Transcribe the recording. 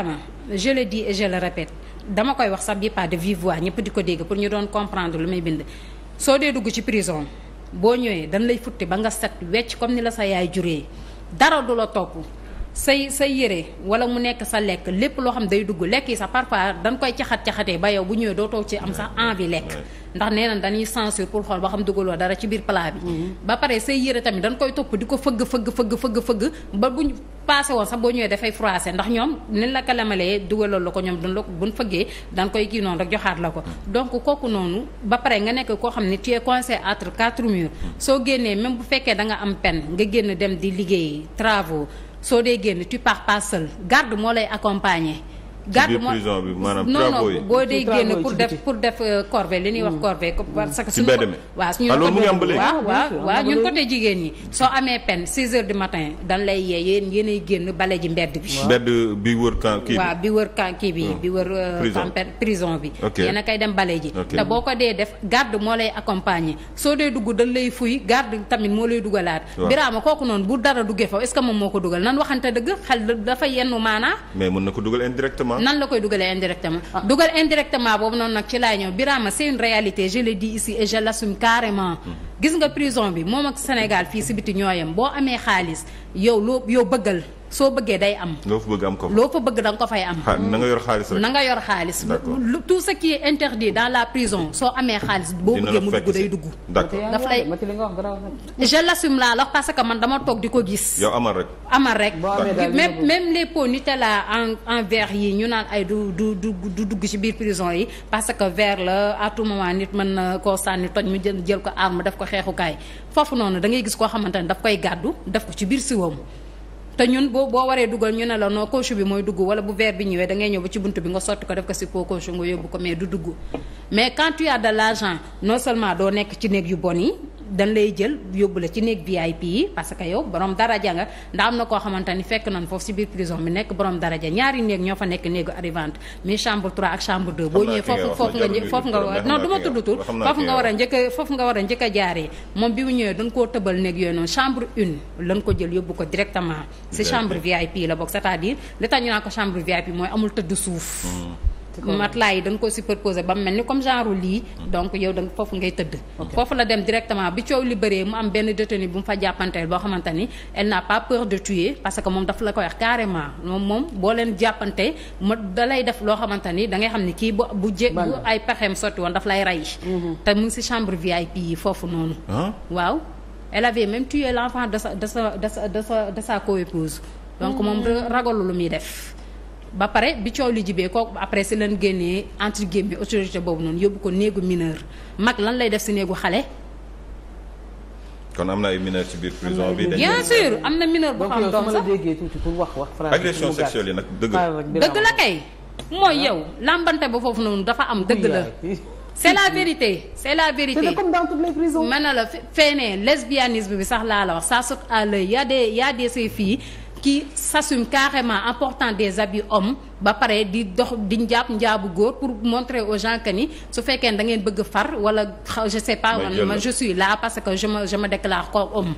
Ibrahima je le dis et je le répète dama koy wax sax bi de vive voix di ko dégg pour ñu doon comprendre lu may bind soo dee dugg ci prison boo ñëwee dañ lay futti ba nga set wecc comme ni la sa yaay juree dara du la topp say say yére wala mu nekk sa lekk lépp loo xam day dugg lekk yi sax parfois dañ koy caxat-caxatee ba yow bu ñëwee dootoo ci am sax envie lekk ndax nee na dañuy censure pour xool ba xam dugaloo dara ci biir plat bi mm-hmm. ba pare say yére tamit dañ koy topp di ko fëgg fëgg fëgg fëgg fëgg ba buñ passé woon sax boo ñëwee dafay froissé ndax ñoom ni la kalamalee dugaloo la ko ñoom duñ la buñ fëggee dañ koy kii noonu rek joxaat la ko mm-hmm. donc kooku noonu ba pare nga nekk koo xam ne tu es entre quatre murs mm-hmm. soo génnee même bu fekkee da nga am peine nga génn dem di liggéey travaux soo dee génn tu par pas seul garde moo lay accompagner. gàddu mooy prison bi maanaam travaux yi non non boo dee génn pour def pour euh, li ñuy wax mm. corvée parce que suñu waaw suñu loolu mu ngi am jigéen ñi soo amee peine 6 heures du matin dañ lay yee yéen yéenay génn bale ji mbedd bi mbedd bi wër camp kii bi waaw bi wër camp bi mm. bi wër camp euh, prison bi yéen a koy dem bale ji te boo ko dee def garde moo lay accompagner soo dee dugg dañ lay fuy garde tamit moo lay dugalaat biraama kooku noonu bu dara duggee fa est moom moo ko dugal nan waxante dëgg indirectement nan la koy dugalee indirectement. Ah. dugal indirectement boobu noonu nag ci laay ñëw Birama c'est réalité je le dis ici et je carrément. Mm-hmm. gis nga prison bi moom ak Sénégal fii si biti ñooyam boo amee xaalis yow loo yow bëggal. soo bëggee day am. loo fa bëgg am ko loo fa bëgg danga ko fay am. na nga yor xaalis rek na nga yor xaalis. tout ce qui est interdit dans la prison soo amee xaalis boo bëggee mu dugg day dugg. d'accord daf lay je l'assume la parce que man dama toog di ko gis. yow amal rek. amal rek même même les pots Nutella en en verre yi ñu naan ay du du du du dugg ci biir prison yi parce que verre la atuma ma nit mën na koo sànni toj mu jël jël ko arme def ko xeexukaay foofu noonu da ngay gis koo xamante ne daf koy gàddu daf ko ci biir siwoom te ñun boo boo waree dugal ñu ne la no caoutchouc bi mooy dugg wala bu verre bi ñëwee da ñëw ba ci bunt bi nga sotti ko def ko si pot caoutchouc nga yóbbu ko mais du dugg mais quand tu as de l'argent non doo nekk ci néeg yu bon yi dañ lay jël yóbbu la ci néeg VIP yi parce que yow borom daraja nga ndax am na koo xamante ni fekk nañ foofu si biir prison bi nekk borom daraja ñaari néeg ñoo fa nekk néegu arrivante mais chambre 3 ak chambre 2 boo ñëwee foofu nga foofu nga war non war a njëkk foofu nga war a njëkk a jaaree moom bi mu ñëwee danga koo tëbal néeg yooyu noonu chambre une lañ ko jël yóbbu ko directement si chambre VIP la bokk c'est-à-dire li tax ñu naan ko chambre VIP mooy amul tëdd suuf hmm. matelas yi da nga ko superposé ba mu mel ni comme genre lii mm. donc yow da nga foofu ngay tëdd foofu la dem directement bi coow li bëree mu am benn détenu bu mu fa jàppanteel boo xamante ni elle n'a pas peur de tuer parce que moom dafa la koy wax carrément moom moom boo leen jàppante ma da lay def loo xamante ni da ngay xam ni kii bu bu jé bu ay pexeem sotti woon daf lay rey mm-hmm. te mu ngi si chambre VIP yi foofu noonu waaw elle avait même l'enfant de sa de sa de sa de sa de sa mm. moom ragalul lu muy def ba pare bi coow li jibee kooku après si leen génnee entre guillemets autorité boobu noonu yóbbu ko néegu mineur mag lan lay def si néegu xale. kon am na ay mineur ci biir prison bi. am na mineur boo xam doom sax pour wax wax. agression sexuelle yi nag dëgg ah. yow làmbante ba foofu noonu dafa am dëgg la. c'est la vérité c'est la vérité c'est comme na la feenee lesbianisme bi sax laa la wax ça saute à l'œil y a des y a qui s'assume carrément en portant des habits hommes ba pare di dox di njaab njaabu góor pour montrer aux gens ni su fekkee da dangeen bëgg far wala je sais pas. je suis là parce que je me je me déclare corps homme.